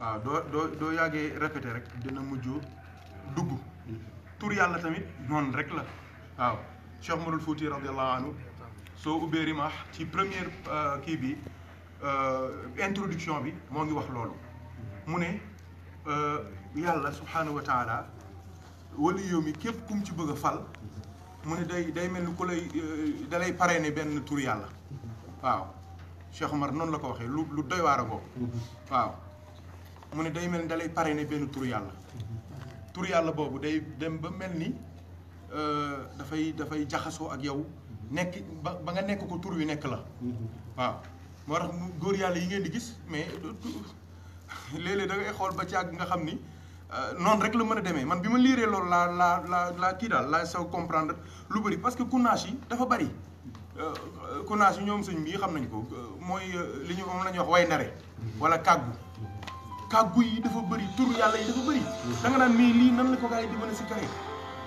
waaw doo doo doo yàggee répété rek dina mujj dugg tur yàlla tamit noonu rek la waaw Cheikh Umarul Fouti radiallahu anhu soo ubbee rimaax ci première euh, kii bi euh, introduction bi moo ngi wax loolu mu ne euh, yàlla subhaanahu wa taala wali yow mi képp kum ci bëgg a fal mu ne day day mel ni ku lay dalay parrainé benn tur yàlla waaw Cheikh Omar noonu la ko waxee lu lu doy waar a waaw mu ne day mel ni dalay ne benn tur yàlla tur yàlla boobu day dem ba mel ni euh, dafay dafay jaxasoo ak yow nekk ba ba nga nekk ko tur wi nekk la waaw moo tax góor yàlla yi ngeen di gis mais léeg-léeg da xool ba ci àgg nga xam ni euh, noonu rek la mën a demee man bi ma liiree loolu laa laa laa laa kii daal laa saw comprendre lu bëri parce que kunaas yi dafa bëri euh, kunaas yi ñoom sëñ bii xam nañ ko mooy li ñu moom la ñuy wax way ndare wala kàggu kàggu yi dafa bëri tur yàlla yi dafa bëri mm-hmm. da nga naan mais lii nan la ko gars yi di mën a si kare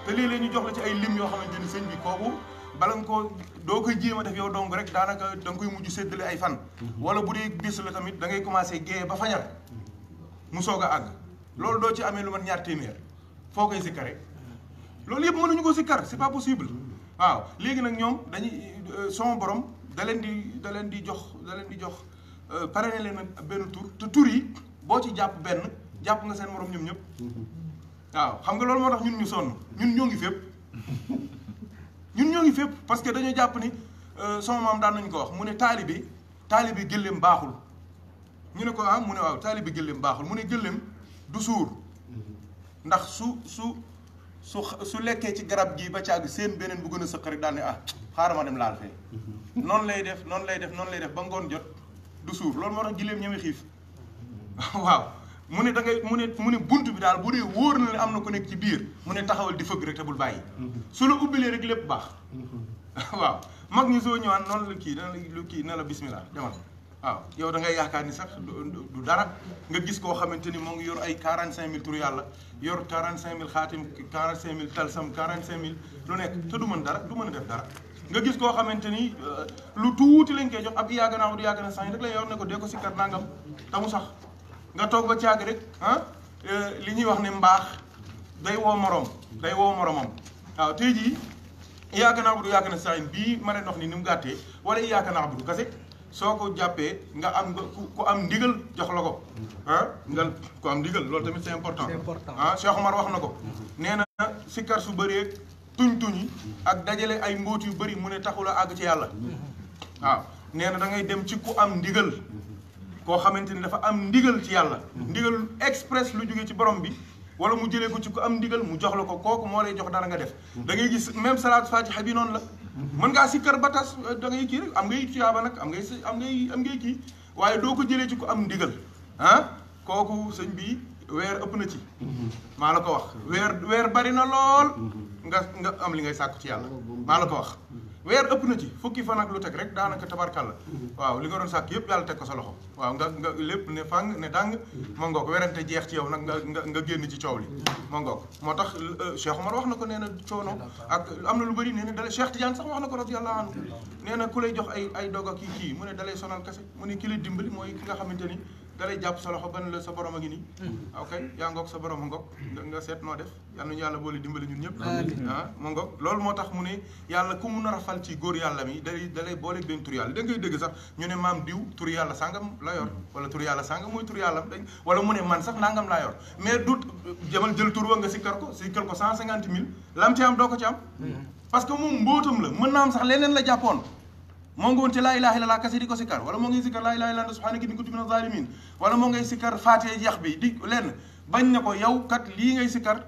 te léeg-léeg ñu jox la ci ay lim yoo xamante ni seen bi kooku bala nga ko doo koy jéem a def yow dong rek daanaka da nga koy mujj séddale ay fan mm-hmm. wala bu dee bis la tamit dangay ngay commencé géeye ba fañar mu soog a àgg loolu doo ci amee lu man ñaar téeméer foo koy si kare loolu yëpp mënuñu ko si kar c'est pas possible mm-hmm. waaw léegi nag ñoom dañuy euh, sama borom da leen di da leen di jox da di jox euh, parrainé leen benn tur te tur yi boo ci jàpp benn jàpp nga seen morom ñoom ñëpp waaw xam nga loolu moo tax ñun ñu sonn ñun ñoo ngi fépp ñun ñoo ngi fépp parce que dañoo jàpp ni euh, sama maam daan nañ ko wax mu ne taalibi taalibi gëléem baaxul ñu ne ko ah mu ne waaw taalibi gëléem baaxul mu ne gëléem du suur ndax su su su su lekkee ci garab gii ba caag seen beneen bu gën a sëq ne ah xaaral ma dem laal fee noonu lay def noonu lay def noonu lay def ba ngoon jot du suur loolu moo tax gëléem ñeme xiif waaw mu ne da ngay mu ne mu ne bunt bi daal bu dee wóor na ne am na ku nekk ci biir mu ne taxawal di fëgg rek te bul bàyyi. Mhm. su la ubbilee rek lépp baax. Mhm. waaw mag ñu soo ñëwaan noonu la kii dana la kii na la bismillah demal. waaw yow da ngay yaakaar ni sax du dara nga gis koo xamante ni moo ngi yor ay 45000 tur yàlla yor 45000 xaatim 45000 talsam 45000 lu nekk te du mën dara du mën a def dara nga gis koo xamante ni euh, lu tuuti lañ koy jox ab yàgg naa yàgg na sax rek la yor ne ko dee ko si kër nangam te sax. nga toog ba caag rek ah, eh, li ñuy wax ne mbaax day woo moroom day woo moroomam waaw tey jii iyaaka naabudu iyaaka nasta'iin bii ma leen wax ni ni mu gàttee wala iyaaka naabudu kase soo ko jàppee nga am ku am ndigal jox la ko ah nga ku am ndigal loolu tamit c'est important ah Cheikh mar wax na ko nee si sikkar su bëree tuñ tuñi ak dajale ay mbóot yu bari mu ne taxula àgg ci yàlla mm-hmm. waaw nee na da ngay dem ci ku am ndigal koo xamante ni dafa am ndigal ci yàlla ndigal express lu jóge ci borom bi wala mu jëlee ko ci ku am ndigal mu jox la ko kooku moo lay jox dara nga def da ngay gis même salaatu fatiha bi noonu la mën ngaa sikkar ba tas euh, da ngay kii rek am ngay tuyaaba nag am ngay am ngay am ngay kii waaye doo ko jëlee ci ku am ndigal ah kooku sëñ bi weer ëpp na ci maa la ko wax weer weer bari na lool mm-hmm. nga nga am li ngay sàkku ci yàlla maa la ko wax weer ëpp na ci fukki fan ak lu teg rek daanaka tabarkàlla waaw li nga doon sàkk yëpp yàlla teg ko sa loxo waaw nga nga lépp ne fàng ne dàng ma ngoog werante jeex ci yow nag nga nga nga génn ci coow li ma ngoog moo tax euh, Cheikh Omar wax na ko nee na coono ak am na lu bëri nee na dale Cheikh Tidiane sax wax na ko radiyallahu anhu nee na ku lay jox ay ay dog ak kii mu ne dalay sonal kese mu ne ki lay dimbali mooy ki nga xamante ni da lay jàpp sa loxo ban la sa borom a ngi nii. Hmm. ok yaa ngoog sa borom ngoog. nga seet noo def yal nañu yàlla boole dimbali ñun ñëpp. ah ngoog loolu moo tax mu ne yàlla ku mun a rafal ci góor yàlla mi dalay dalay boole benn tur yàlla da ngay dégg sax ñu ne maam diw tur yàlla sangam la yor hmm. wala tur yàlla sangam mooy tur yàlla dañ wala mu ne man sax nangam laa yor mais du jamal jël tur wa nga sikkar ko sikkal ko cent cinquante mille lam ci am doo ko ci am. Hmm. parce que la mën naa moo ngi woon ci laa la illallah kese di ko sikkar wala moo ngay sikkar laa ilaha illallah subhanaka inni kuntu minaz zalimin wala moo ngay sikkar faatee yax bi di lenn bañ na ko yow kat li ngay sikkar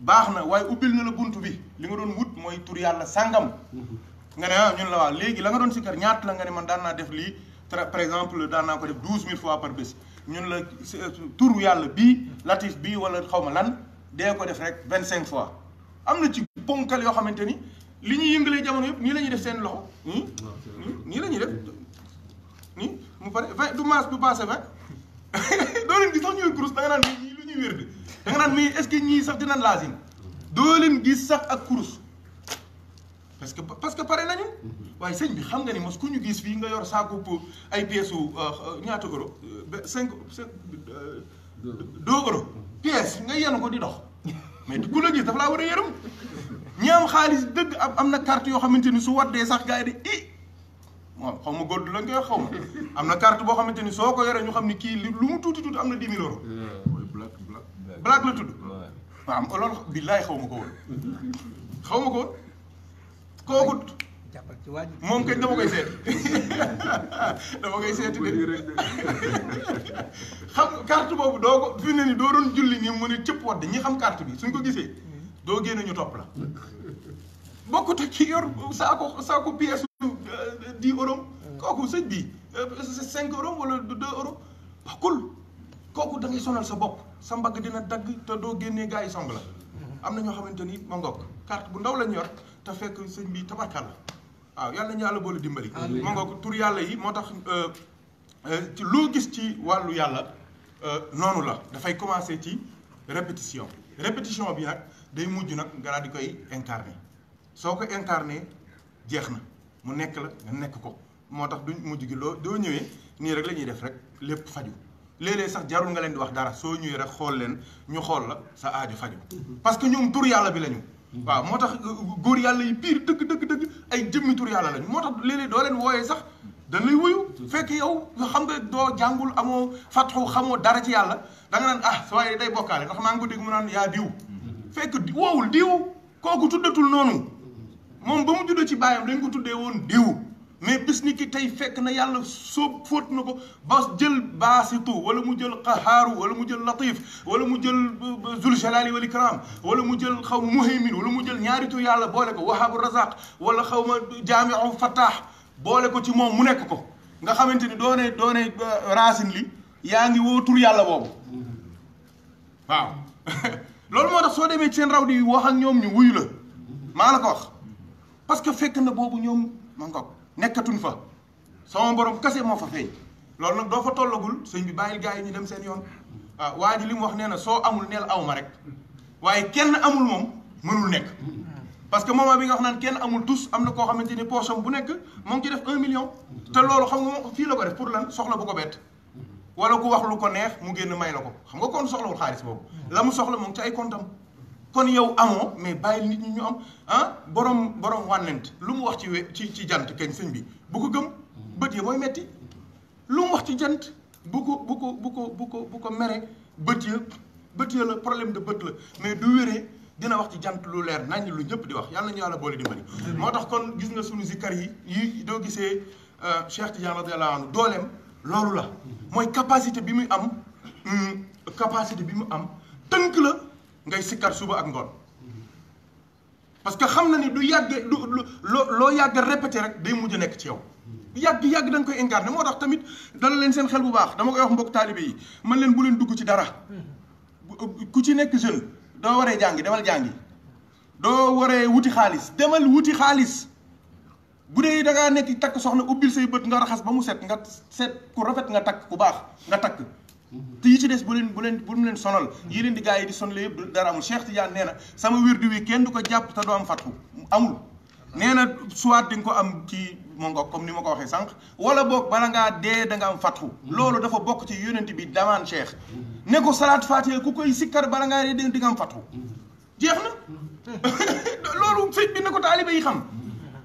baax na waaye ubbil na la bunt bi li nga doon wut mooy tur yàlla sàngam mm-hmm. nga ne ah ñun la waa léegi la nga doon sikkar ñaata la nga ne man daan naa def lii par exemple daan naa ko def douze mille fois par bés ñun la euh, turu yàlla bii latif bii wala xaw ma lan dee ko def rek cinq fois am na ci ponkal yoo xamante ni li ñuy yëngalee jamono yëpp nii la def seen loxo nii hmm? hmm? hmm? nii la ñuy def nii mu pare vingt du maas du passé vingt doo leen gis sax ñooy kurus ñuy wér ce que ñii sax dinañ laasim doo leen gis sax ak kurus parce que parce que pare nañu waaye sëñ bi xam nga ni mos ku ñu gis fii nga yor saako ay pièces su euh, euh, ñaata euro euh, cinq cinq deux euros pièce nga yenu ko di dox mais ku la gis dafa laa war a yërëm ñi am xaalis dëgg am na carte yoo xamante ni su waddee sax gars yi di i moom xaw ma gódd la koy xaw ma am na carte boo xamante ni soo ko yoree ñu xam ni kii lu mu tuuti tuuti am na dix mille euros black la tudd waaw am loolu xaw ma ko xaw ma ko woon kooku moom kañ dama koy seeti dama koy seeti de xam boobu doo ko fi doo doon julli nii mu ne cëpp wadd ñi xam carte bi suñ ko gisee doo génn ñu topp la bokkut ak ki yor saako saako pièce euh, di euro kooku sëñ bi euh, cinq euro wala deux euro bokkul kooku da ngay sonal sa bokk sa mbagg dina dagg te doo génnee gars yi song la am na ñoo xamante ni ma ngoog bu ndaw lañ yor te fekk sëñ bi tabarkal la waaw yàlla ñu yàlla boole dimbali ma ngoog tur yàlla yi moo tax euh, ci loo gis ci wàllu yàlla noonu la dafay commencer ci répétition répétition bi nag day mujj nag nga daal di koy incarné soo ko incarné jeex na mu nekk la nga nekk ko moo tax duñ mujj gi loo doo ñëwee nii rek la ñuy def rek lépp faju léeg sax jarul nga leen di wax dara soo ñëwee rek xool leen ñu xool la sa aajo faju parce que ñoom tur yàlla bi lañu waaw moo tax euh, euh, góor yàlla yi biir dëgg dëgg dëgg ay jëmmi tur yàlla lañu moo tax léeg doo leen wooyee sax dañ lay wuyu fekk yow xam nga doo jàngul amoo fatxu xamoo dara ci yàlla da nga ah sa day bokkaale ndax maa ngi ko mu naan yaa diw fekk woowul diw kooku tuddatul noonu moom ba mu juddoo ci baayam dañ ko tuddee woon diw mais bis ni ki tey fekk na yàlla soo fóot na ko ba jël baasitu wala mu jël qahaaru wala mu jël latif wala mu jël zul jalali wal ikram wala mu jël xaw muhaymin wala mu jël ñaaritu yàlla boole ko wahabu razaq wala xaw ma jaamiu fattah boole ko ci moom mu nekk ko nga xamante ni doone doone euh, racine li yaa ngi woo tur yàlla boobu mm-hmm. loolu moo tax soo demee seen raw di wax ak ñoom ñu wuy la maa la ko wax parce que fekk na boobu ñoom ma ko nekkatuñ fa sama borom kese moo fa feeñ loolu nag doo fa tollagul sëñ bi bàyyil gars yi ñu dem seen yoon waaw waa li mu wax nee na soo amul neel aw rek waaye kenn amul moom mënul nekk parce que moment bi nga wax naan kenn amul tous am na koo xamante ni poosam bu nekk moo ngi ci def un million te loolu xam nga fii la ko def pour lan soxla bu ko bett wala ku wax lu ko neex mu génn may la ko xam nga kon soxlawul xaalis boobu la mu soxla moom ci ay comptam kon yow amoo mais bàyyil nit ñi ñu am ah borom borom wànnent lu mu wax ci ci ci jant kañ sëñ bi bu ko gëm bët ya mooy metti lu mu wax ci jant bu ko bu ko bu ko bu ko bu ko mere bët ya bët ya la problème de bët la mais du wéree dina wax ci jant lu leer nañ lu ñëpp di wax yàlla nañu yàlla boole dimbali moo tax kon gis nga sunu zikkar yi yi doo gisee euh, Cheikh Tidiane radiyallahu anhu dooleem loolu la mooy capacité bi muy am mm, capacité bi mu am tënk la ngay sikkar suba ak ngoon parce que xam na ni du yàgge du loo loo yàgg répété rek day mujj nekk ci yow yàgg yàgg da nga koy incarné moo tax tamit dala leen seen xel bu baax dama koy wax mbokk taalibe yi man leen bu leen dugg ci dara ku ci nekk jeune doo waree jàngi demal jàngi doo waree wuti xaalis demal wuti xaalis bu dee da ngaa nekk takk soxna ubbil say bët nga raxas ba mu set nga set ku rafet nga takk ku baax nga takk mhm. te si ci des bu leen bu leen bu mu leen sonal mhm. yi leen di gars yi di sonal yëpp dara amul Cheikh Tidiane nee na sama wirdu wi kenn du ko jàpp te doo am fatku nee na soit di ko am ci moo comme ni ma ko waxee sànq wala boog bala ngaa dee da am fatku mhm. loolu dafa bokk ci yonent bi damaan Cheikh ne ko salaat faatiha ku koy sikkar bala ngaa dee di nga am fatku jeex na loolu sëñ bi ne ko taaliba yi xam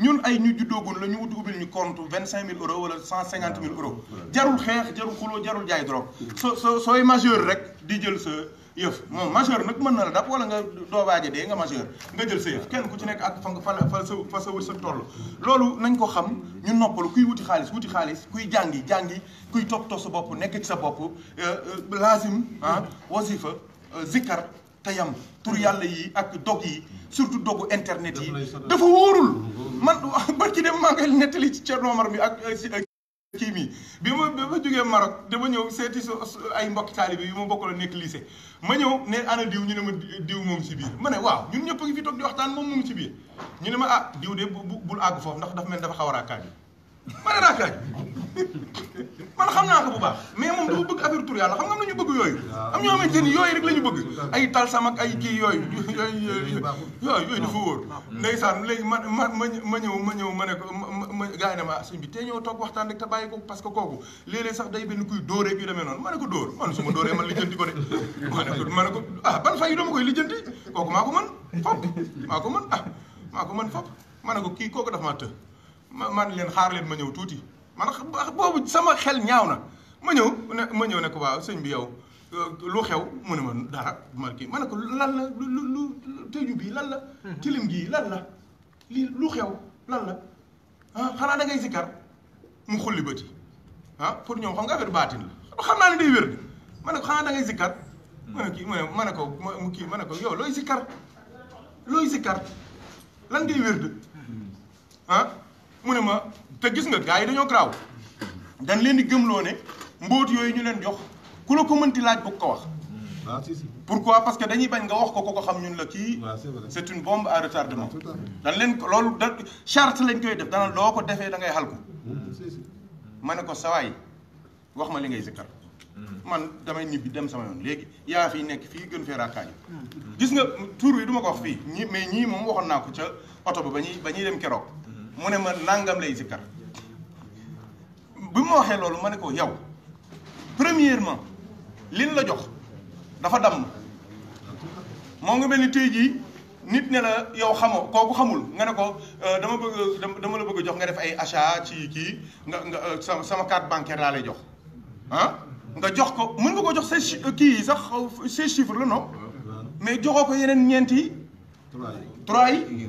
ñun ay ñu juddoogun la ñu uti ubbil ñu compte vingt cinq mille euros wala cent cinquante mille euros jarul xeex jarul xuloo jarul jaay drogue so so sooy majeur rek di jël sa yëf moom majeur nag mën na la dàpp wala nga doobaaje dee nga majeur nga jël sa yëf kenn ku ci nekk ak fa sa fa wërsëg toll loolu nañ ko xam ñu noppalu kuy wuti xaalis wuti xaalis kuy jàngi jàngi kuy toppatoo sa bopp nekk ci sa bopp euh, euh, lazim ah wasifa euh, zikkar tayam tur hmm. yalla yi ak dog yi hmm. surtout dogu internet yi dafa worul man ba ci dem ma netali ci cheikh omar mi ak eh, eh, ki mi bi ma ba joge maroc dama ñew setti ay mbokk talibi yu ma bokkol nek lycée ma ñew ne ana diw ñu ne ma diw mom ci biir ma waaw ñun ñep ngi fi tok di waxtaan mom mom ci biir ñu ne ma ah diw de bul ag fofu ndax daf mel dafa xawara kaaji ma ne raakaaj man xam naa ko bu baax mais moom dafa bëgg affaire yàlla xam nga am na ñu bëgg yooyu. am ñoo xamante ni yooyu rek la ñu bëgg. ay talsam ak ay kii yooyu. yooyu yooyu dafa wóor. ndeysaan léegi man ma ma ma ñëw ma ñëw ma ne ko ma ma gars ah, suñ bi tey ñëw toog waxtaan rek te bàyyi ko parce que kooku léeg-léeg sax day benn kuy dóoree yu demee noonu ma ne ko dóor man su ma dóoree man lijjanti ko de. ma ne ko ma ne ko ah ban fay yu dama koy lijjanti kooku maa ah, ma ne ko kii kooku daf maa ma man leen xaar leen ma ñëw tuuti man a boobu sama xel ñaaw na ma ñëw ne ma ñëw ne ko waaw sëñ bi yow euh, lu xew mu ne ma dara ma kii ma ne ko lan la lu lu lu bii lan la. Hmm. tilim gii lan la lii lu xew lan la ah, xanaa da ngay mu xulli bët yi ah pour ñoom xam nga affaire xam naa ne day wér ma ne ko xanaa da ngay sikkar. Hmm. ma ne kii ma ne ma ne ko kii ma ne ko yow looy sikkar looy sikkar lan ngay wér hmm. ah. mu ne ma te gis nga gars yi dañoo garaaw dañ leen di gëmloo ne mbóot yooyu ñu leen jox ku la ko mënti laaj bu ko wax. waaw ah, si si pourquoi parce que dañuy bañ nga wax ko ko ko xam ñun la kii. waaw ah, c'est vrai c'est une bombe ah, dañ leen loolu da charte lañ koy def dana loo ko defee da ngay xal ko. Hmm, ma ne ko sawaay wax ma li ngay zikkar hmm. man damay ñibbi dem sama yoon léegi yaa fi nekk fii gën fee raakaañu hmm. gis nga tur wi duma ko fii ñi mais ñii moom waxoon naa ko ca oto ba ba ñuy ba ñuy dem keroog. mu ne ma nangam lay zikkar bi ma waxee loolu ma ne ko yow premièrement liñ la jox dafa damm moo ngi mel ni tey jii nit ne la yow xamoo kooku xamul nga ne ko euh, dama bëgg dama la bëgg a jox nga def ay achat ci kii nga nga euh, sama carte bancaire laa lay jox ah nga jox ko mën nga ko jox ses euh, kii yi sax ses chiffres la non mais joxoo ko yeneen ñeenti yi trois yi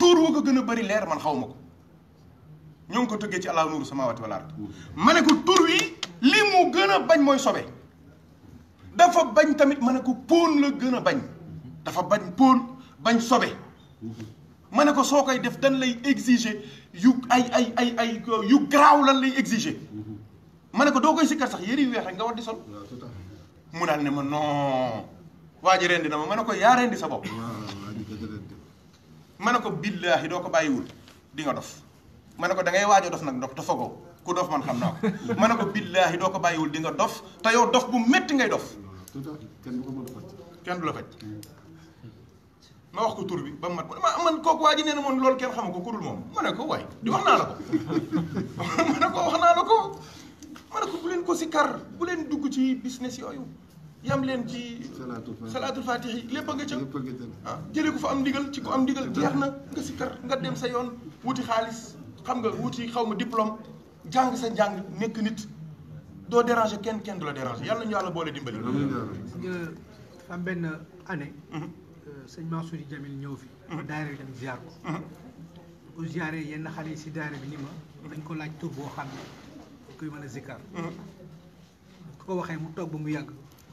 tuur wu ko gën a bari leer man xaw ma ko ñoo ngi ko tëggee ci àlaa nuuru samaawaati wal ard ma ne ko tur wi li mu gën a bañ mooy sobe dafa bañ tamit ma ne ko póon la gën a bañ dafa bañ póon bañ sobe ma ne ko soo koy def dan lay exiger yu ay ay ay ay yu garaaw lan lay exiger ma ne ko doo koy sikkar sax yére yu weex rek nga war di sol mu daal ne ma non waa ji rendi na ma ma ne ko yaa rendi sa bopp ma ne ko billaahi doo ko bàyyiwul di nga dof ma ne ko dangay ngay waajoo dof nag ndox te fogoo ku dof man xam naa ko ma ne ko billaahi doo ko bàyyiwul di nga dof te yow dof bu metti ngay dof kenn du la faj ma wax ko tur bi ba mu mat ma man kooku waa ji nee na moom lool kenn xamu ko kurul moom ma ne ko waay di wax naa la ko ma ko wax naa la ko ma ne ko bu leen ko si kar bu leen dugg ci business yooyu yam leen ci. salaatul fatix yi lépp nga ca. ah jëlee ku fa am ndigal ci ku am ndigal jeex na nga si nga dem sa yoon wuti xaalis xam nga wuti xaw ma diplôme jàng sa njàng nekk nit doo déranger kenn kenn du la déranger yàlla ñu yàlla boole dimbali. am benn année. Mhm. Euh, sëñ Mansour Jamil ñëw fi. Mhm. daayira bi dem ziar ko. bu mhm. ziaree yenn xale yi si daayira bi ni ma. dañ ko laaj tur boo xam ne kuy mën a zikkar. ku ko waxee mu toog ba mu yàgg.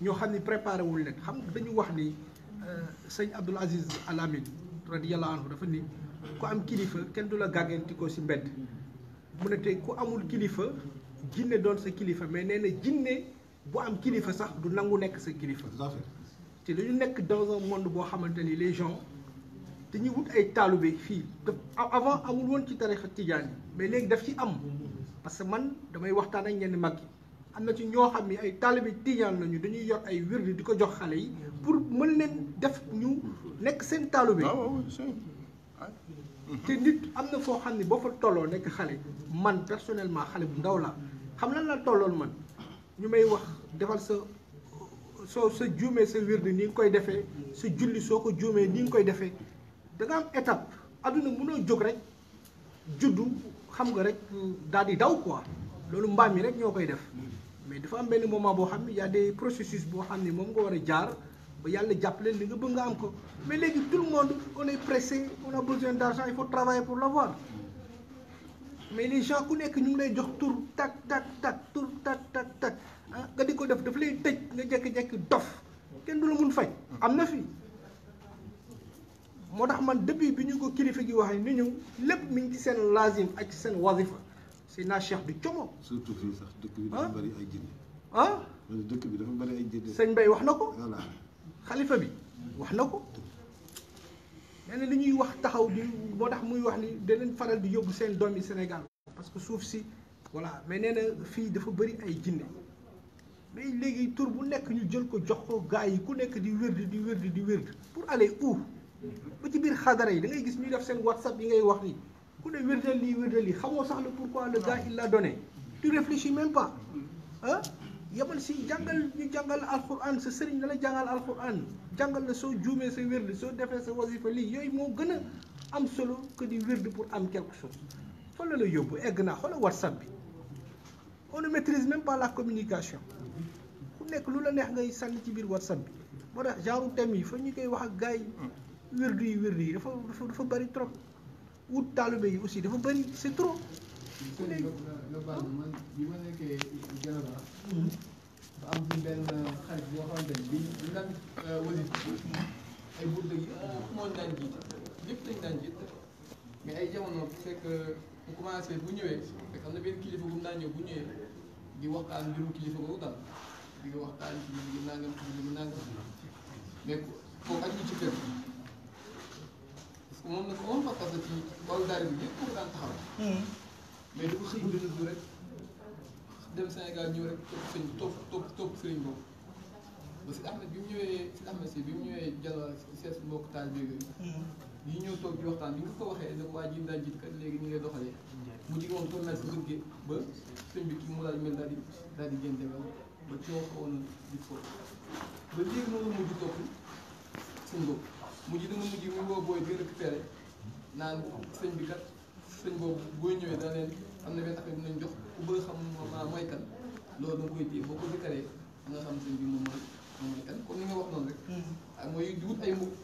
ñoo xam ne préparé wul leen xam nga dañu wax ni euh, sëñ Abdoul Aziz Al Amin radiyallahu anhu dafa ni ku am kilifa kenn du la gàggenti ko si mbedd mu ne tey ku amul kilifa jinne doon sa kilifa mais nee na jinne bu am kilifa sax du nangu nekk sa kilifa te lañu nekk dans un boo xamante ni les gens dañuy wut ay taalibe fii te avant amul woon ci tarixa tijaan yi mais léegi daf ci am parce que man damay waxtaan ak ñenn mag yi am na ci ñoo xam ne ay taalibe tijaan lañu dañuy yor ay wirdu di ko jox xale yi pour mën leen def ñu nekk seen taalibe ah, ah. te nit am na foo xam ne boo fa tolloo nekk xale man personnellement xale bu ndaw la xam lan la tolloon man ñu may wax defal sa soo sa juumee sa wirdu ni nga koy defee sa julli soo ko juumee ni nga koy defee danga am étape adduna mënoo jóg rek juddu xam nga rek daal di daw quoi loolu mbaam mi rek ñoo koy def mais dafa am benn moment boo xam ne y a des processus boo xam ne moom nga war a jaar ba yàlla jàppale li nga bëgg nga am ko mais léegi tout le monde on est pressé on a besoin d' argent il faut mais les gens ku nekk ñu ngi lay jox tur tak tak tak tur tak tak tak ah nga di ko def daf lay tëj nga jekk jékki dof kenn du la mun faj am na fi moo tax man depuis bi ñu ko kilifa gi wax ni ñu lépp mi ngi ci seen lazim ak ci seen wazifa Seydina Cheikh du como. surtout fii sax dëkk bi dafa bëri ay jinne. ah dëkk bi dafa bëri ay jinne. sëñ Bay wax na ko. voilà xalifa bi wax na ko. nee na li ñuy wax taxaw di moo tax muy wax ni danañ faral di yóbbu seen doom yi Sénégal. parce que suuf si voilà mais nee na fii dafa bëri ay jinne mais léegi tur bu nekk ñu jël ko jox ko gars yi ku nekk di wérd di wérd di wérd pour aller où ba ci biir xadara yi da ngay gis ñuy def seen whatsapp yi ngay wax nii. ku ne wérdal lii wérdal lii xamoo sax le pourquoi le gars il l'a donné tu réfléchis même pas ah yamal si jàngal ñu jàngal alquran sa sëriñ na la jàngal alquran jàngal la soo juumee sa wérd soo defee sa wasifa lii yooyu moo gën a am solo que di wérd pour am quelque chose la la yóbbu naa xoola whatsapp bi on ne pas la communication ku nekk lu la neex ngay sànni ci biir whatsapp bi moo tax genre thème yi fa ñu koy wax ak gars yi wérdu yi wérdu yi dafa dafa dafa bëri trop udah lebih yi aussi dafa bari c'est trop global bi ma nekke genera ba am bi ben xarit bo xamne bi ñu dan wëri ay bu dëgg mo dañ jitt lepp dañ mais ay jamono c'est que bu commencé di waxtaan mbirum kilifa go dal di moom nag moom fas-fas la ci wàllu daara bi yëpp ko daan taxaw. Hmm. mais du ko xëy dënnu bi rek dem Sénégal ñëw rek topp sëñ topp topp topp sëriñ am na bi mu si am bi mu ñëwee Jalla seet si mbokk hmm. toog di ko waxee ne waa léegi ñu ngi doxalee. mu jig moom toog naa si ba sëñ bi mu daal mel daal di daal di gën demee ba coow xawoon na mujj dina mujj mu woo booy di récupéré naan sëñ bi kat sëñ boobu booy ñëwee dana leen am na benn affaire bu nañ jox ku bëgg xam ma mooy kan loolu nga koy téye boo ko déclaré nga xam sëñ bi moom mooy moom mooy nga mm-hmm. ah ay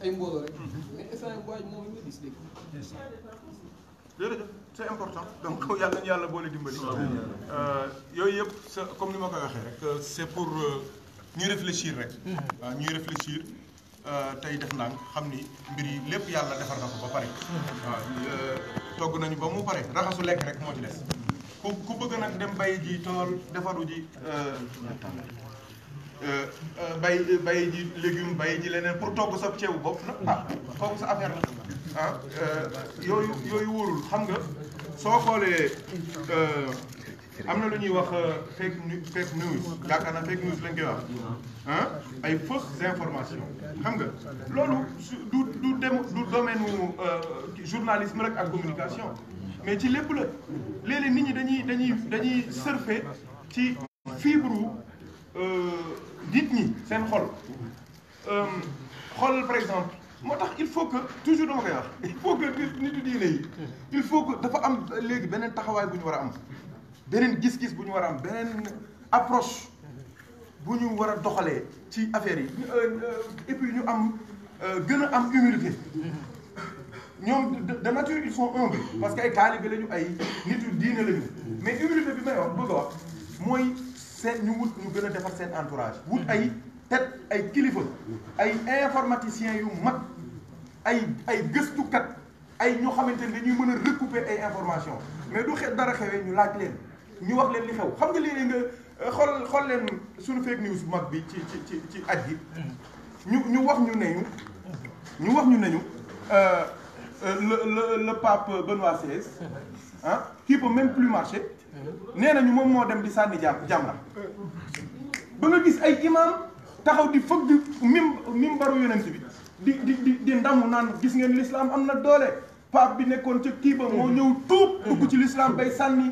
ay mbooloo rek. Mm-hmm. mais instant yii waa ji moom gis léegi. yàlla na yàlla euh, yooyu yëpp comme ni ma ko waxee rek euh, c'est pour euh, ñuy réfléchir rek. waaw mm-hmm. ah, ñuy réfléchir. Euh, tey def ndànk xam ni mbir yi lépp yàlla defar na ko ba pare. Euh, togg nañu ba mu pare raxasu lekk rek moo ci des. ku ku bëgg nag dem bay ji tool defaru ji. Euh, bay bay ji légume bay ji leneen pour togg sa ceebu bopp nag ah kooku sa affaire la ah yooyu yooyu wóorul xam nga soo xoolee. amna na lu ñuy wax euh, fake news fake news yaakaar fake news lañ koy wax ah ay fausses informations xam nga loolu du du dem du domaine mu euh, journalisme rek ak communication mais ci lépp la léeg nit ñi dañuy dañuy dañuy surfer ci fibre euh, nit ñi seen xol xol par exemple. moo tax il faut que toujours dama koy wax il faut que nitu diine yi il faut que dafa am léegi beneen taxawaay bu ñu war a am benen gis-gis buñu wara am approche buñu wara doxale ci affaire yi euh, et puis ñu am euh, gën am humilité ñom de nature ils sont humbles parce que ay taalibe lañu ay nitu yu lañu mais humilité bi may wax bëgg wax moy seen ñu wut ñu gëna a seen entourage wut ay tête ay kilifa ay informaticien yu mag ay ay kat ay ñoo xamanteni ne dañuy mën recouper ay information mais du xé dara xewé ñu laaj leen ñu wax leen li xew xam nga léeg nga euh, xool xool leen suñu fake news bu mag bi ci ci ci ci at yi ñu ñu wax ñu ne ñu wax ñu ne ñu euh, euh, le le le pape Benoît XVI ah hein, qui peut même plus marcher nee nañu moom moo dem di sànni jàmm jàmm la ba nga gis ay imam taxaw di fëgg mim mim baru yonent bi di di di di ndamu naan gis ngeen l'islam am na doole pape bi nekkoon ca kii ba moo ñëw tuub dugg ci l'islam bay sànni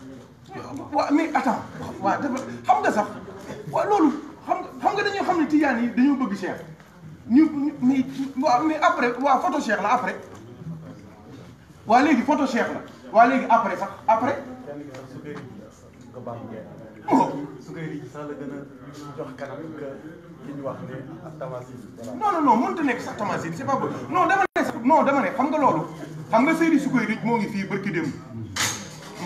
waaw mais attends waa dafa xam nga sax waa loolu xam nga xam nga dañoo xam ne tijaan yi dañoo bëgg Cheikh ñu ñu waaw mais après waaw photo Cheikh la après waaw léegi photo Cheikh la waaw léegi après sax après. non non non mënut nekk sax Tamasin c'est pas bon non dama ne sax non dama ne xam nga loolu xam nga Seydi Sukoyrij moo ngi fii barki démb.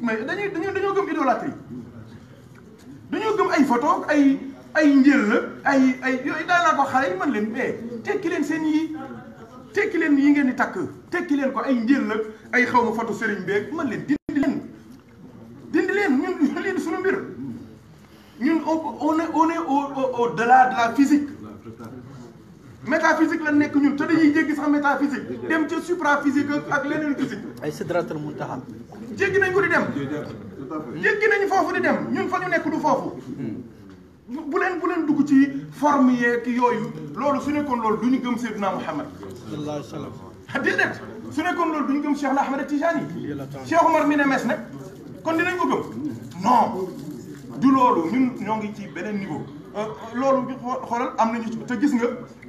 mais dañuy dañoo dañoo gëm idolâtrie dañoo gëm ay photo ay ay njël la ay ay yooyu daan naa ko xale yi man leen tekki leen seen yii tekki leen yi ngeen di takk tekki leen ko ay njël la ay xaw ma photo sëriñ beeg man leen dindi leen dindi leen ñun ñun on on est on est au au delà de la physique. métaphysique la nekk ñun te dañuy jéggi sax métaphysique dem ca supraphysique ak leneen physique. ay sidratal muntaha. jéggi nañ ko di dem. jéggi nañ foofu di dem ñun fa ñu nekk du foofu. bu leen bu leen dugg ci forme yeeg yooyu loolu su kon loolu du ñu gëm Seydina Muhammad. alhamdulilah salaam. déedéet su nekkoon loolu du ñu gëm Cheikh Ahmed Tijani. Cheikh Omar mi ne mes nag kon dinañ ko gëm. non du loolu ñu ñoo ngi ci beneen niveau. Euh, loolu xoolal am nañu ci te gis nga.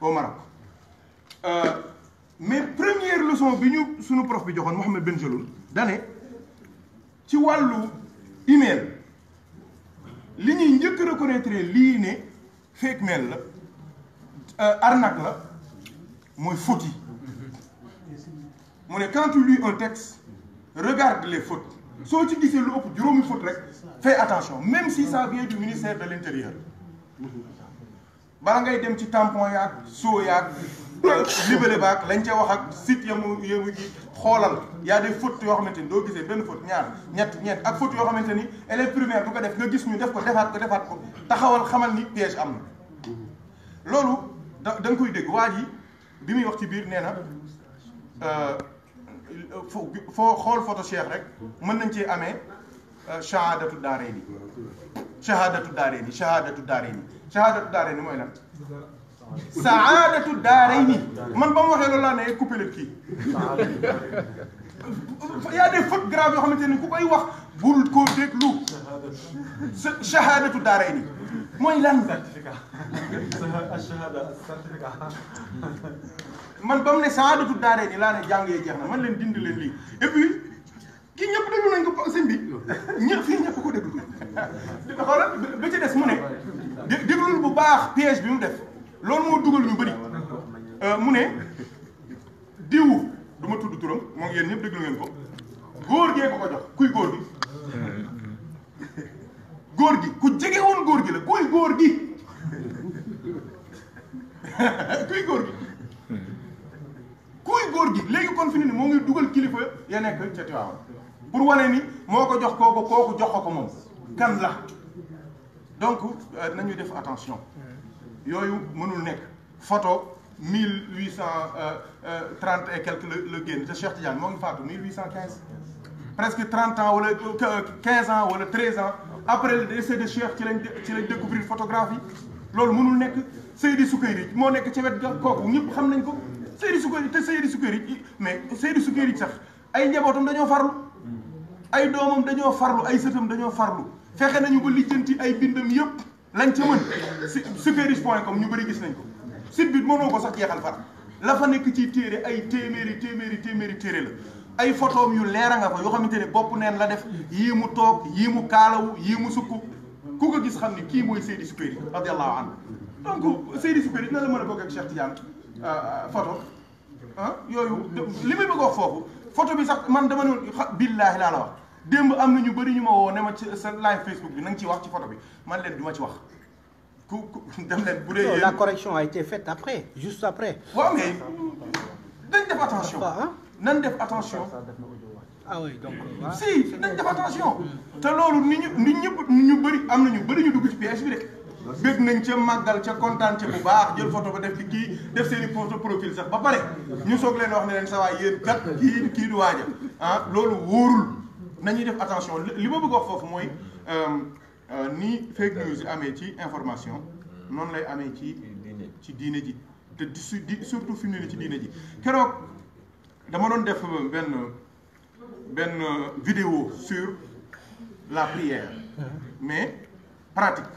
au Maroc euh, mais première leçon nous sur suñu prof bi Mohamed Benjeloun dane ci un email li ñuy njëkk reconnaître fake mail la euh, arnaque la mooy faute quand tu lis un texte regarde les fautes Si tu dis lu c'est fais attention même si ça vient du ministère de l'intérieur baa ngay dem ci tampon yaag soo yaa libéré baak lañ ca wax ak site yamu yamu ji xoolal y'a des fautes yoo xamante ni doo gisee benn faute ñaar ñett ñeent ak fautes yoo xamante ni élève primaire bu ko def nga gis ñu def ko defaat ko defaat ko taxawal xamal ni piège am na loolu da da nga koy dégg waa ji bi muy wax ci biir nee na euh, foo foo xool photo Cheikh rek mën nañ cee amee euh, shahadatu daareeni shahadatu daareeni shahadatu daareeni sahaadatu daaray ni mooy lan sahaadatu daaray ni man ba mu waxee loolu laa ne coupé leen kii y a des fautes graves yoo xamante ni ku koy wax bul koo déglu sahaadatu daaray ni mooy lan man ba mu ne sahaadatu daaray ni laa ne jàngee jeex na man leen dindi leen lii et puis kii ñëpp déglu nañ ko sëñ bi ñëpp fii ñëpp ko déglu di xoolal ba ci des mu ne dé déglul bu baax piège bi mu def loolu moo dugal ñu bëri euh, mu ne diw du ma tudd turam moom yéen ñëpp déglu ngeen ko góor gee ko ko jox kuy góor gi góor gi ku jege woon góor gi la kuy góor gi kuy góor gi kuy góor gi léegi kon fi ne ni moo ngi dugal kilifa ya nekk ca Tiwaawan pour wane ni moo ko jox kooku kooku jox ko ko moom la Donc, euh, nous devons faire attention. Il y a eu photos photo 1830 euh, euh, et quelques le gain. de Cheikh Tiyan. Moi, je fais 1815. Presque 30 ans, ou 15 ans, ou 13 ans. Après le décès de Cheikh, tu a découvert une photographie. Lol, mon nek, c'est du soukéri. Mon nek, tu vas te faire un C'est du soukéri, c'est du soukéri. Mais c'est du soukéri, ça. Aïe, n'y a pas de farlou. Mm. Aïe, d'homme, d'ailleurs, farlou. Aïe, c'est d'homme, fexe nañu ba lijjanti ay bindam yëpp lañ ca mën superis point comme ñu bëri gis nañ ko site bi mënoo ko sax jeexal far la fa nekk ci téere ay téeméeri téeméeri téeméeri téere la ay photoom yu leer nga fa yoo xamante ne bopp neen la def yii mu toog yii mu kaalawu yii mu sukk ku ko gis xam ni kii mooy Seydi Supéri radiyallahu anhu donc Seydi Supéri na la mën a bokk ak Cheikh Tidiane euh, euh, photo ah yooyu li muy bëgg wax foofu photo bi sax man dama ne billaahi laa live Facebook bi wax ci photo la correction a été faite après juste après. wa mais dañ def attention. Hein? nan def attention. ah oui donc euh, si dañ def attention. Mm. te lolu ni ñu ni ñu bari am ñu ñu dugg ci rek. bëgg nañ ca màggal ca ca bu baax jël photo ba def ci kii def seen photo profil sax ba pare ñu soog leen wax ne leen sa waay yéen kat kii kii du ah, nañuy def attention li ma bëgg wax foofu mooy euh, euh, ni fake news yi ci information non lay amee ci ci diine ji te surtout fi mu ne ci diine ji keroog dama doon def benn benn vidéo sur la prière mais pratique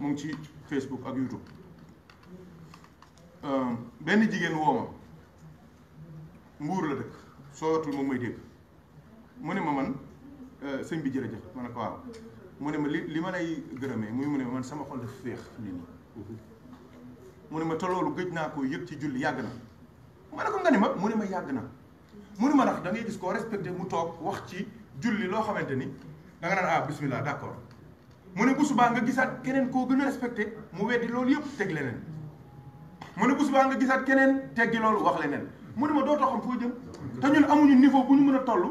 mu ngi ci Facebook ak YouTube ben benn jigéen wooma mbuur la dëkk sootul moom may dégg mu ne ma man euh, sëñ bi jërëjëf ma ne ko waaw mu ne ma li li man ay gërëmee muy mu ne ma man sama xol dafa féex mu ne ma te gëj naa ko yëpp ci julli yàgg na ma ne ko nga ni ma mu ne ma yàgg na mu ne ma ndax da ngay gis koo respecté mu toog wax ci julli loo xamante ni da nga naan ah bismillah d'accord mu ne bu subaa nga gisaat keneen koo gën a respecté mu weddi loolu yëpp teg leneen mu ne bu subaa nga gisaat keneen teggi loolu wax leneen mu ne ma dootoo xam te ñun amuñu niveau bu ñu mën a toll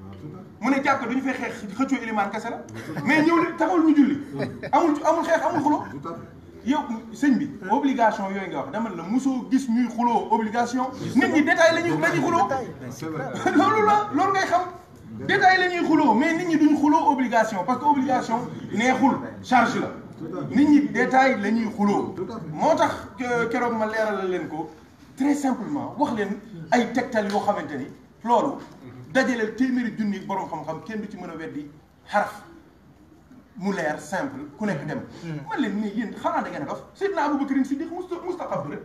mu ne jàkk duñu fay xex xëccoo élément kese la mais ñëw ne taxawul ñu julli amul amul xex amul xulo yow sëñ bi obligation yoy nga wax dama la mosoo gis ñuy xulo obligation nit ñi détail la ñuy xulo ñuy la lolu ngay xam détail lañuy xulo mais nit ñi duñ xulo obligation parce que obligation neexul charge la nit ñi détail lañuy xulo motax kérok ma léralal la leen ko très simplement wax leen ay tegtal yo xamanteni lolu dajaleel téméré junni borom xam-xam kenn du ci mëna weddi xaraf mu leer simple ku nekk dem. man leen mais yéen xana da ngeen abou bakari sidik mustafa bi rek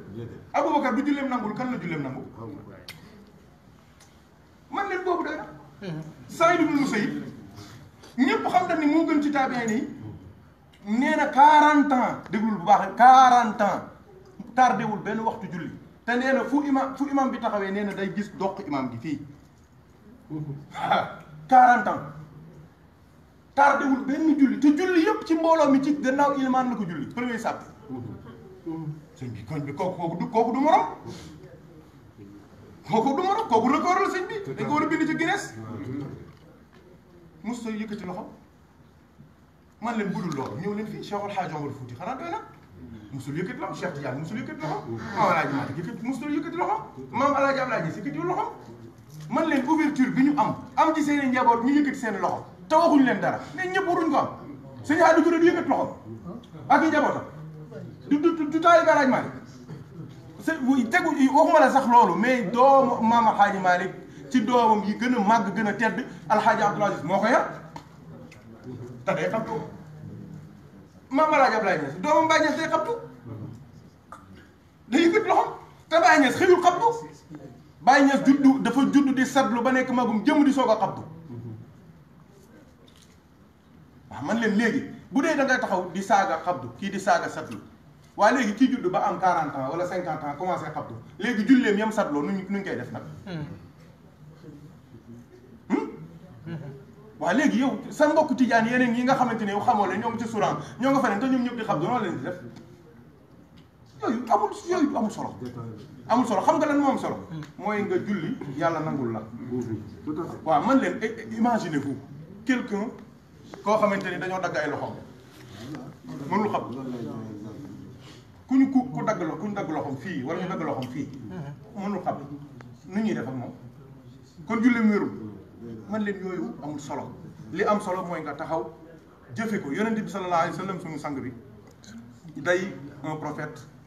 abou Aboubacar du julleem nangul kan la julleem nangul. man leen bobu doy na. Saïd ibn Musayyib ñëpp xam na ni mo gën ci taabiyaan yi nee 40 ans déglul bu baax 40 ans tardé wul benn waxtu julli te nee fu imam fu imam bi taxawé nee day gis dokk imam gi fi quarante ans tardewul benn julli te julli yëpp ci mbooloo mi ci gannaaw ilmaan la ko julli premier sàpp sëñ bi koñ bi kooku kooku du kooku du morom kooku du morom kooku record la sëñ bi dañ ko war a bind ci Guinness mos tay yëkkati loxo man leen budul loolu ñëw leen fii Cheikh El Hadj Omar Fouti xanaa doy na musul yëkkati loxo Cheikh Tidiane musul yëkkati loxo maam alaaji Malick yëkkati musul yëkkati loxo maam alaaji Abdoulaye Niass yëkkati loxo man leen ouverture bi ñu am am ci seen i njaboot ñu yëkkati seen loxo te waxuñu leen dara mais ñëpp waruñ ko am sëñ Hadj Touré du yëkkati loxo ak i njabootam du du du taal garage Malick së tegu waxuma la sax loolu mais doomu mama Hadj malik ci doomam yi gën a màgg gën a tedd Alhaji Abdoul Aziz moo ko yar te day xabtu mama Alhaji Abdoulaye Niass doomam Baye Niass day xabtu day yëkkati loxo te Baye Niass xëyul xabtu. Baye Niass juddu dafa juddu di satlu ba nekk magum jëmm di soog a xabdu waaw man leen léegi bu dee da ngay taxaw di saaga xabdu kii di saaga satlu waa léegi kii juddu ba am 40 ans wala 50 ans commencé xabdu léegi julleem yam satloo nu ñu koy def nag. Hmm? waaw léegi yow sa mbokku tijaan yeneen yi nga xamante ne yow xamoo la ñoo ngi ci Souran ñoo nga fa ne te ñoom ñëpp di xabdu noonu leen di def. yooyu amul yooyu amul solo amul solo xam nga lan moom solo hmm. mooy nga julli yàlla nangul la waaw man leen eh, eh, imaginez vous quelqu'un koo xamante ni dañoo dagg ay loxoom mënul xam ku ñu ku ku dagg lo ku fii wala ñu dagg loxoom fii hmm. mënul xam nu ñuy def ak moom kon julli wérul man leen yooyu amul solo li am solo mooy nga taxaw jëfe ko yonent bi sallallahu alayhi wa sallam suñu sang bi day un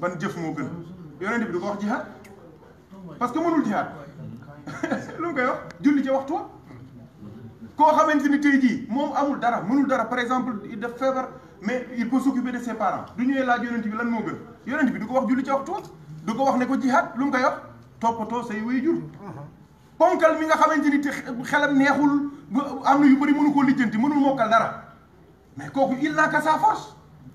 ban jëf moo gën yonent bi du ko wax jihaad parce que mënul jihaad lu mu koy wax julli ci waxtu koo xamante ni tey jii moom amul dara mënul dara par exemple il def feebar mais il peut s'occuper de ses parents du ñëwee laaj yonent bi lan moo gën yonent bi du ko wax julli ci waxtu du ko wax ne ko jihaad lu mu koy wax toppatoo say waajur ponkal mi nga xamante ni te xelam neexul am na yu bëri mënu koo lijjanti mënul mokkal dara mais kooku il n'a que sa force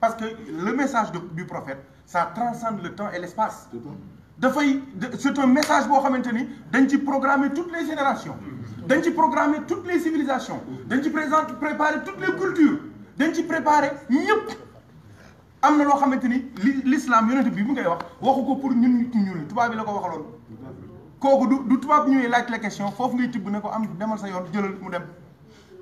Parce que le message du prophète, ça transcende le temps et l'espace. C'est un message qui a programmer toutes les générations, programmer toutes les civilisations, qui préparer toutes les cultures, qui préparé l'islam yonent bi bu ngay wax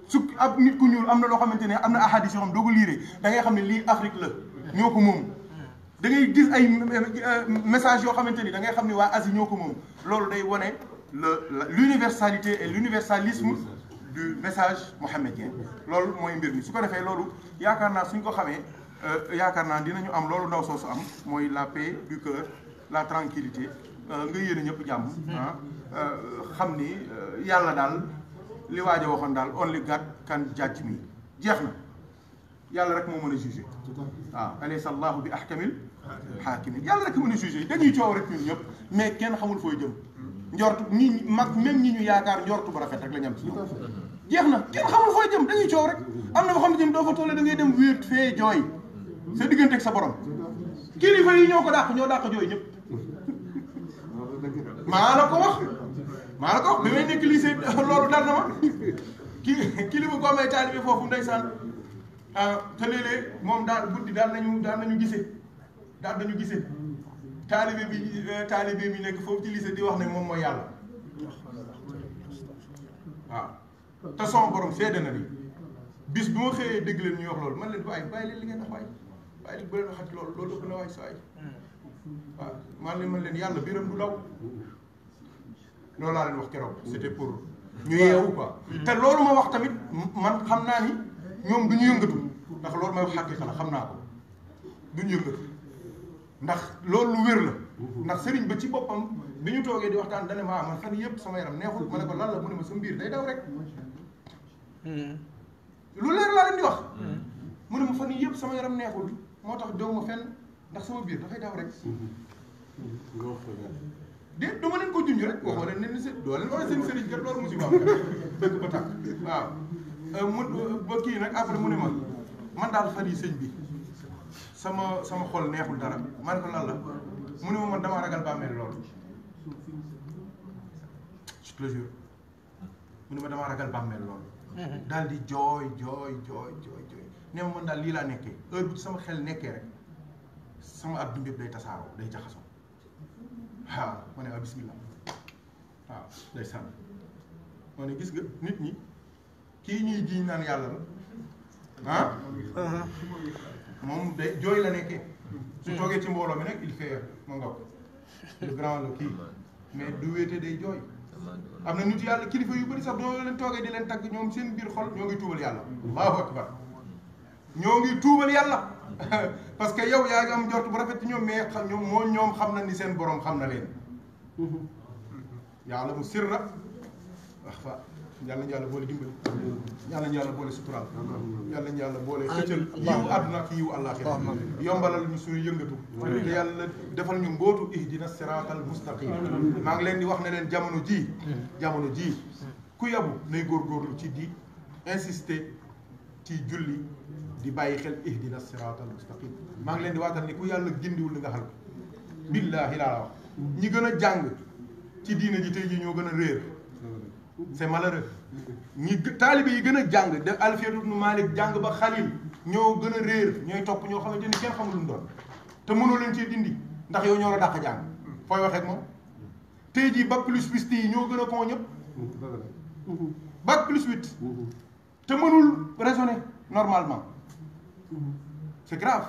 suk ab nit ku ñuul amna lo loo amna ahadith xam doo lire da ngay xamni li Afrique la ñoko mom da ngay gis ay message yo xamante da ngay xamni wa Asie ñoko mom lolu day woné l'universalité et l'universalisme du message mohammedien lolu moy mbir mi su ko defee lolu yaakaar na suñ ko xamé euh, yaakaar naa dinañu am lolu ndaw soosu am moy la paix du cœur la tranquillité euh, nga yéene ñëpp jamm ah. euh, xamni yalla dal li waaj a waxoon daal only God can judge me jeex na yàlla rek moo mën a jugé waaw alaysa allahu bi ahkamil haakimin yàlla rek mën a jugé dañuy coow rek ñun ñëpp mais kenn xamul fooy jëm njortu ñi mag même ñi ñu yaakaar njortu bu rafet rek la ñu am ci ñoom na kenn xamul fooy jëm dañuy coow rek am na boo xamante doo fa toll da dem wéet fee jooy sa diggante sa borom kilifa yi ñoo ko dàq ñoo dàq jooy ñëpp maa la ko wax maa la ko bi may nekk lycée loolu dal na ma kii kilifa goo may taalibe foofu ndeysaan ah, te léeg-léeg moom daal guddi daal nañu daal nañu gisee daal nañu gisee taalibe bi eh, taalibe bi nekk foofu ci lycée di wax ne moom mooy yàlla waaw te son borom seede na bi bis bu ma xëyee dégg leen ñuy wax loolu man leen waaye bàyyi leen li ngeen wax waaye bàyyi leen bu leen waxati loolu loolu ëpp na waay saa yi hmm. waaw man leen man leen yàlla biram du daw loolu laa leen wax keroog c'était pour ñu yeewu quoi te loolu ma wax tamit man xam naa ni ñoom du ñu yëngatu ndax loolu may wax xaqiqa la xam naa ko du ñu yëngatu ndax loolu lu wér la ndax sëriñ ba ci boppam bi ñu toogee di waxtaan dane ma man fan yëpp sama yaram neexul ma ne ko lan la mu ne ma sa mbiir day daw rek lu leer laa leen di wax mu ne ma fan yëpp sama yaram neexul moo tax dew ma fenn ndax sama biir dafay daw rek déet dama leen ko junj rek waxoo leen ne ni seen doo leen waxee ba tax waaw euh, mu ba kii nag après mu ne ma man daal fan yi sëñ bi sama sama xol neexul dara ma ne ko lan la mu ne ma man damaa ragal bàmmeel loolu je di jooy jooy jooy jooy jooy ma man daal lii laa nekkee heure sama xel nekkee rek sama adduna yëpp day tasaaroo day jaxasoo waaw ma ne waaw bismillah waaw day sànni ma ne gis nga nit ñi kii ñuy jiiñ naan yàlla la ah moom day jooy la nekkee su toogee ci mbooloo mi nag il ma nga le grand le kii mais du wéete day jooy am na nit yàlla kilifa yu bëri sax doo leen toogee di leen tagg ñoom seen biir xol ñoo ngi tuubal yàlla allahu akbar ñoo ngi tuubal yàlla parce que yow yaa ngi am njort bu rafet ñoom mais xam ñoom moo ñoom xam na ni seen borom xam na leen mm-hmm. yàlla mu sirra wax fa yàlla ñu yàlla boole dimbali yàlla ñu yàlla boole sutural yàlla yàlla boole xëccal yiw àdduna ak yiw àllaaxira yombalal ñu suñu yëngatu te yàlla defal ñu mbootu ihdina siraatal mustaqim maa ngi leen di wax ne leen jamono ji mm. jamono ji ku yabu nay góorlu ci di insisté ci julli di bàyyi xel ihdina siraatal mustaqim maa ngi leen di waatal ni ku yàlla gindiwul li nga xam ne billaahi laa wax ñi gën a jàng ci diina ji tey ji ñoo gën a réer c'est malheureux ñi taalibe yi gën a jàng de Alfiyat ibnu Malik jàng ba Xalil ñoo gën a réer ñooy topp ñoo xamante ni kenn xamul lu mu te mënoo leen cee dindi ndax yow ñoo la daq jàng fooy waxee ak moom tey jii bac plus huit yi ñoo gën a kon ñëpp bac plus huit te mënul raisonner normalement c'est grave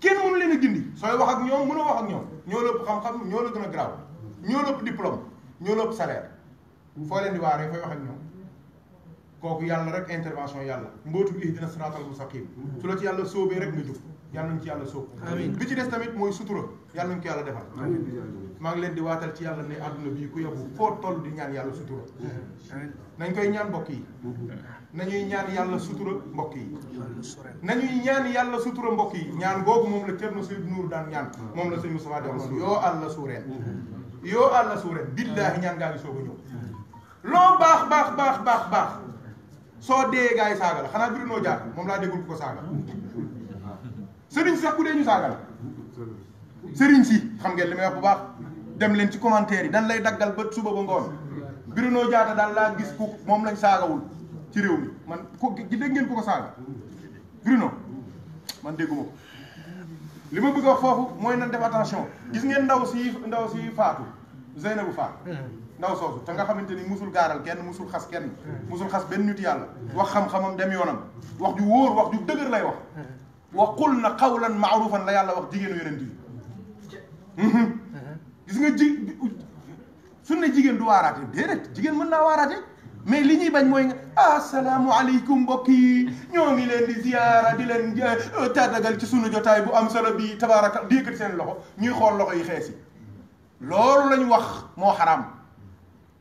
kenn mënu leen a gindi sooy wax ak ñoom mënoo wax ak ñoom ñoo lëpp xam-xam ñoo la gën grave ñoo lëpp diplôme ñoo lëpp salaire foo leen di waaree fooy wax ak ñoom kooku yàlla rek intervention yàlla mbootu ihdina siraatal mustaqim su la ci yàlla sóobee rek nga jóg yàlla nañ ci yàlla sóob bi ci des tamit mooy sutura yàlla nañ ko yàlla defal maa ngi leen di waatal ci yàlla ne àdduna bii ku yóbbu foo toll di ñaan yàlla sutura nañ koy ñaan mbokk yi nañuy ñaan yàlla sutura mbokk yi nañuy ñaan yàlla sutura mbokk yi ñaan boobu moom la Cerno Seydou Nour daan ñaan moom la sëñ Moustapha di yoo àlla suureen yoo àlla suureen billaahi ñaan gaa ngi soog a baax baax baax baax baax soo dee gaa yi saaga la xanaa Bruno Diatta moom laa déggul ko saaga sëriñ si sax xam ngeen li bu baax dem leen ci commentaire yi dan lay daggal ba suba ba ngoon Bruno Diatta daal laa gis ku moom lañ saagawul ci réew mi man ko dégg ngeen ko ko saaga Bruno man dégguma ko li ma bëgg a wax foofu mooy nan def attention gis ngeen ndaw si ndaw si faatu Zeynabu Faatu ndaw soosu te nga xamante ni musul gaaral kenn musul xas kenn musul xas benn nit yàlla wax xam-xamam dem yoonam wax ju wóor wax ju dëgër lay wax wa qul na qawlan maarufan la yàlla wax jigéenu yonent yi gis nga ji suñ ne jigéen du waaraate déedéet jigéen mën naa waaraate mais li ñuy bañ mooy nga ah, asalaamualeykum mbokk yi ñoo ngi leen di ziyaara di leen euh, tàggatal ci sunu jotaay bu am solo bi tabaaraka di yëkkati seen loxo ñuy xool loxo yi xees lool loolu wax moo xaraam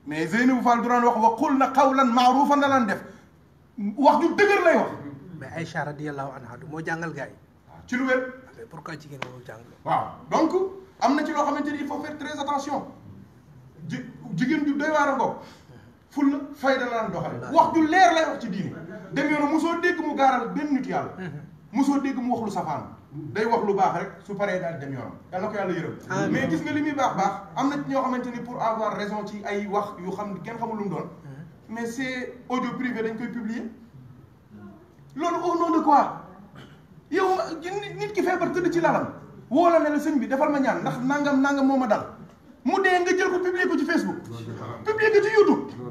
mais Zeynabu Fall du doon wax wa qul na qawlan maarufan na lan def wax ju dëgër lay wax. mais Aïcha radiyallahu anha du moo jàngal gars yi. Ah, ci lu pour ah, pourquoi jigéen moo jàngal. waaw donc am na ci loo xamante ni il faut faire très attention jigéen ju doy waar a Full fayda la doxal wax ju leer lay wax ci diin dem yoro muso deg mu garal ben nit yalla muso mm-hmm. deg mu wax lu safan day wax lu bax rek su pare dal dem yoro yalla ko yalla yeureum mais gis nga limi bax bax amna ci ñoo xamanteni pour avoir raison ci ay wax yu xam ken xamul lu doon mm-hmm. mais c'est audio privé dañ koy publier lolu au nom de quoi yow nit ki febar tudd ci lalam wola ne la señ bi defal ma ñaan ndax nangam nangam moma dal mu dé nga jël ko publier ko ci facebook publier ko ci youtube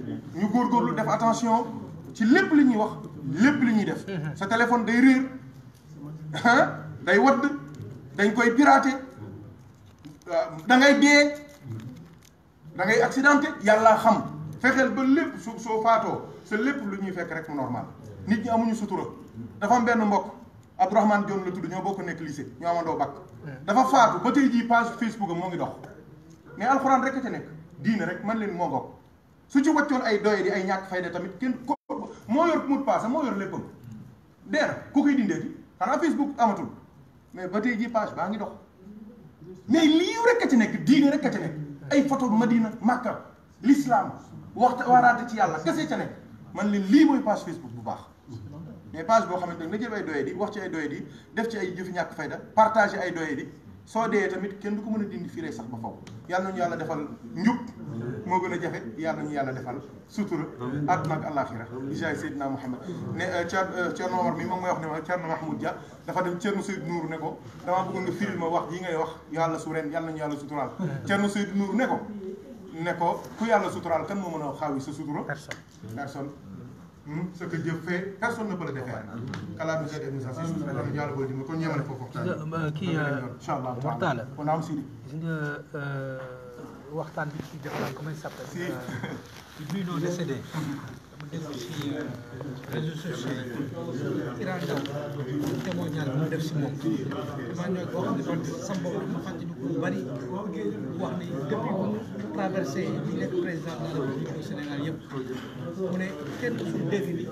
Nous devons faire attention ci li ñuy wax li ñuy mhm. téléphone day hein? day dañ koy euh, da ngay da ngay accidenté xam ba lu ñuy rek normal nit ñi amuñu sutura dafa benn mbokk Abdourahmane la tudd ñoo bokk nekk lycée ñoo amandoo bac dafa faatu ba page Facebook mais alcorane rek ca diine rek su ci waccoon ay doye di ay ñàkk fayda tamit kenn ko moo yor mot de passe moo yor léppam deer ku koy dindee ci xanaa Facebook amatul mais ba tey jii page baa ngi dox mais lii rek a ci nekk diine rek a ci nekk ay photo Madina Makka l'islam waxta waaraate ci yàlla kese ca nekk man leen lii mooy page Facebook bu baax mais page boo xamante ne nga jël ay doye wax ci ay doye def ci ay jëfi ñàkk fayda partager ay doye di soo dee tamit kenn du ko mën a dindi fii sax ba faw yàlla nañu yàlla defal njub moo gën a jafe yàlla nañu yàlla defal sutura àdduna ak àllaaxira jaay Seydina Muhammad ne euh, euh, Thierno Omar mi moom mooy wax ne ma Thierno Mahmoud Dia dafa dem Thierno Seydou Nour ne ko damaa bëggoon nga firil ma wax yi ngay wax yàlla su ren yàlla nañu yàlla suturaal Thierno Seydou Nour ne ko ne ko ku yàlla suturaal kan moo mën a xaawi sa sutura personne Hmm? ce que Dieu fait, personne ne peut le défaire. Qu'Allah nous aide et nous assiste. comment s'appelle nous décédé euh, bu déglu si réseaux sociaux yi Iran daal témoignage mu def si moom damaa ñëw boo xam ne man sama bopp ma fàttali ko lu bari wax ni depuis bu mu traversé bi nekk président de la République du Sénégal mu ne kenn ku dégg ni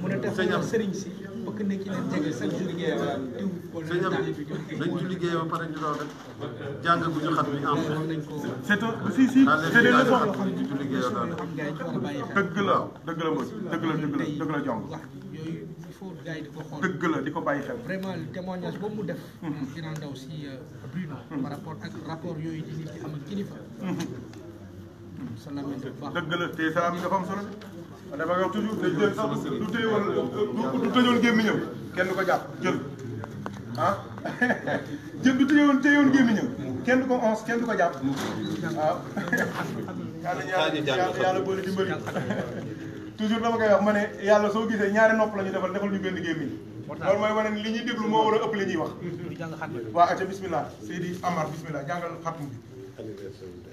mu ne def sëriñ si que ne ki leen jege chaque jour liggéey wala diw wala nañ ci liggéey ba pare ñu doon rek jàng bu ñu xam ni am c'est un si si c'est des leçons dëgg la dëgg la mën dëgg la dëgg la dëgg la jong dëgg la di ko bàyyi xel. vraiment le témoignage boobu mu def. dina hmm. ndaw si euh, Bruno. Hmm. par rapport ak rapport yooyu di nit ki am ak kilifa. sa lament bu baax dëgg la te salaam yi dafa am solo. dama wax toujours dañ jël sax du téyewoon du tëjoon gémmiñam kenn du ko jàpp jël ah jël du téyewoon téyewoon gémmiñam kenn du ko ons kenn du ko ah. aa waaw yàlla yàlla boole di mbëri toujours dama koy wax ma ne yàlla soo gisee ñaari nopp la ñu defal defal ñu benn gémmiñ loolu mooy wane ni li ñuy déglu moo war a ëpp li ñuy wax waa aca bismillah Seydi Amar bismillah jàngal xatmu bi